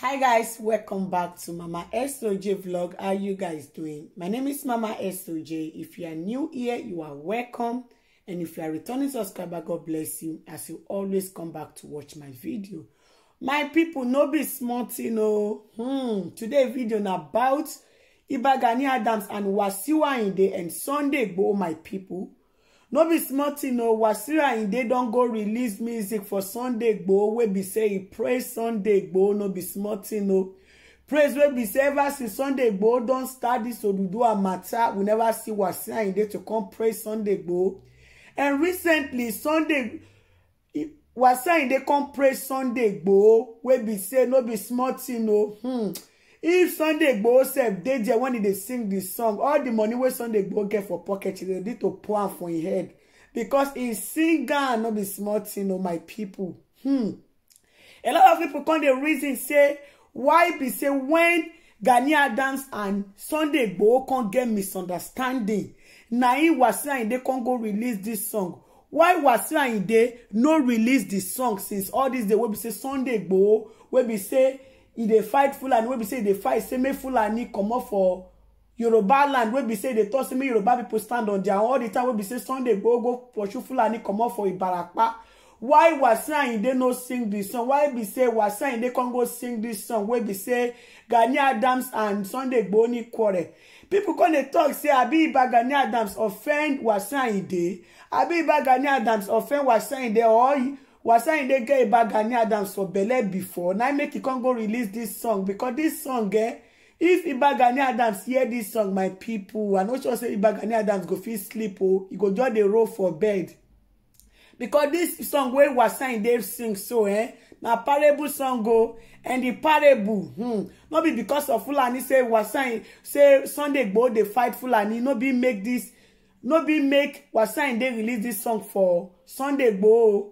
hi guys welcome back to mama soj vlog how you guys doing my name is mama soj if you are new here you are welcome and if you are returning subscriber god bless you as you always come back to watch my video my people no be small thing o oh. hmm today video na about Iba Gani Adams and wasiwa in Ayinde and Sunday Igboho my people no be small tin o wasiu ayinde don go release music for sunday igboho wey be say e praise sunday igboho no be small tin o praise wey be say ever since sunday igboho don start dis oduduwa matter. we never see wasiu ayinde to come praise sunday igboho and recently sunday wasiu ayinde come praise sunday igboho wey be say no be small tin o hmm if sunday Igboho sef dey there wen e dey sing di song all the money wey sunday Igboho get for pocket e dey to pour am for im head because he sing am no be small tin o oh, my people, hmm a lot of people come dey reason say why be say when gani dance and sunday Igboho can't get misunderstanding na im wasiu ayinde con go release this song why wasiu ayinde no release di song since all this day wey be say sunday Igboho wey be say e dey fight fulani wey be say e dey fight say make fulani comot for yoruba land wey be say e dey talk say make yoruba pipo stand on dia all di time wey be say sunday go go pursue fulani comot for ibarapa why wasi ayinde no sing dis song why be say wasi ayinde come go sing dis song wey be say gani adams and sunday gboni quarrel pipo come dey tok say abi iba gani adams offend wasi ayinde abi iba gani adams offend wasi ayinde or Wasan wasayinde get a bag Gani Adams for belle before na make e come go release dis song because dis song eh if Iba Gani Adams hear dis song my people, i no sure say Iba Gani Adams go fit sleep oh e go just dey roll for bed because dis song wey wasayinde sing so eh na parable song oh, and di parable hmm no be because of fulani say Wasan say sunday gboo dey fight fulani no be make dis no be make Wasan dey release dis song for sunday gboo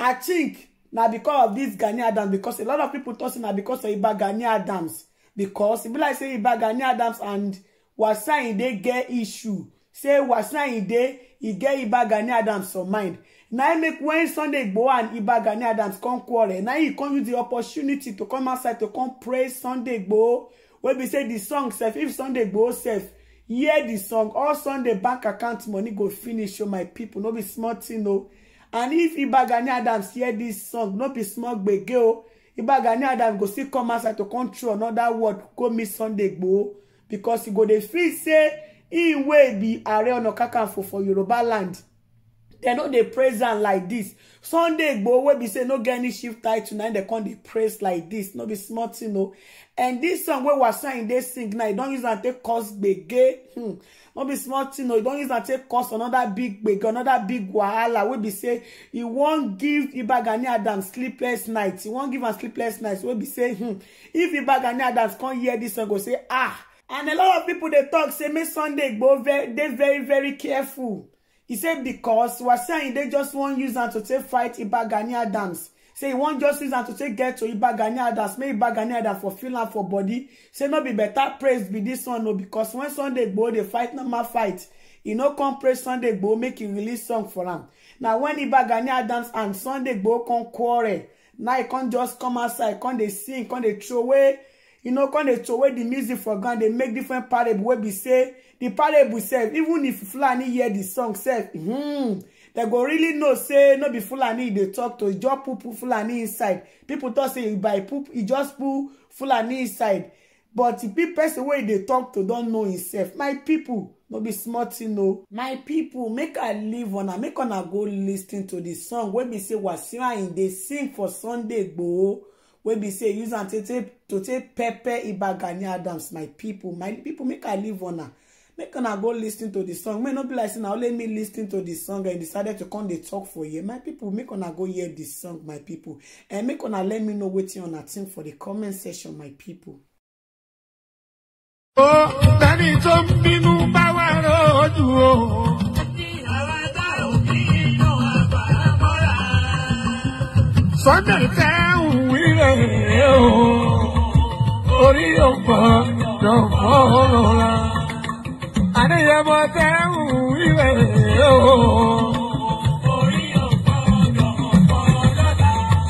i think now because of this gani adams because a lot of people tok say because of iba gani adams because e be like say iba gani adams and wasainde get issue say wasainde he get iba gani adams on mind Now im make wen sunday igboho and iba gani adams come quarrel Now he come use the opportunity to come outside to come praise sunday igboho When we say the song sef if sunday igboho sef hear the song all sunday bank account money go finish show oh my people. no be smart tin o oh and if Iba Gani Adams hear this song no be small gbege o Iba Gani Adams go see come outside to control. another word go miss Sunday Igboho because e go dey feel say he will be Ààrẹ Ọ̀nà Kakanfò for Yorùbá land They no dey praise am like this. sunday igbo wey be say no get any shift tight tonight. They can't come dey praise like this. no be smart, you know. and this song wey wasan they sing now you don't use am take cause gbege hmm no be smart, you know. You don't use am take cause another big gbege anoda big wahala wey be say you won't give ibagani adams sleepless nights. You won't give am sleepless nights. We be say hmm if ibagani adams can't hear this song go say ah and a lot of people they talk say me sunday igbo They very very careful He e say becos saying they just wan use am to take fight ibagani adams say e wan just use am to take get to ibagani adams make ibagani adams for feel for body say no be better praise be this one o becos wen sunday gboo they fight normal fight he no come praise sunday gboo make e release song for am Now when ibagani adams and sunday gboo come quarrel na e come just come outside Can't they sing Can't they throw away you know come dey throway the music for ground they make different parable wey we say the parable sef even if fulani hear the song sef hmm, they go really know say no be fulani They talk to e just put fulani inside people talk say by poop, he just put fulani inside but e be person wey they talk to don't know himself my people no be smart, you know. my people make i leave una make una go lis to the song wey we say wasiu they sing for sunday boo wey be say use am take take to take pepper ibagani adams my people, my people. make i leave una make una go lis ten to the song May no be like say na only me lis ten to the song and decided to come dey talk for here my people. make una go hear the song my people. and make una let me know wetin una think for the comment section my people. ó oh, tani tó ń bínú bá wà lójú o. Sunday fẹ́ orí ọ̀pọ̀ dọ̀pọ̀ ọ̀la. Àníyàmọ̀ tẹ́ ń wù o.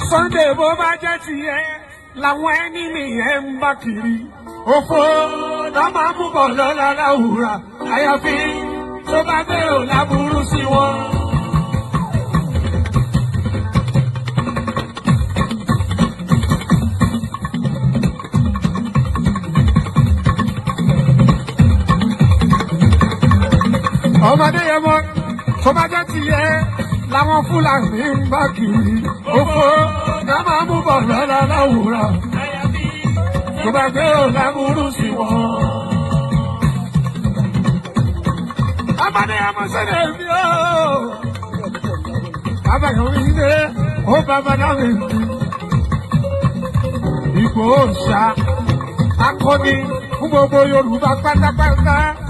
Sunday bó bá jẹ́ tiẹ̀ làwọn ẹni nìyẹn ń bá kiri. Òfò lọ́ máa mú bọ̀ lọ́la láwùrà. Àyàfi tó bá bẹ̀rù láburú sí wọn. ọmọdé yẹn mọ tó bá jẹ́ tiẹ̀ làwọn fúlàní ń bá kiri òfò ká máa mú bọ̀ lọ́la láwùrán tó bá gbé ọ̀la burú sí wọn. ọmọdé yẹn mọ sẹ́lẹ̀ mi ó abàyàn mi ó bàbá náà mi ìgbò òòṣà akọni fún gbogbo Yorùbá pátápátá.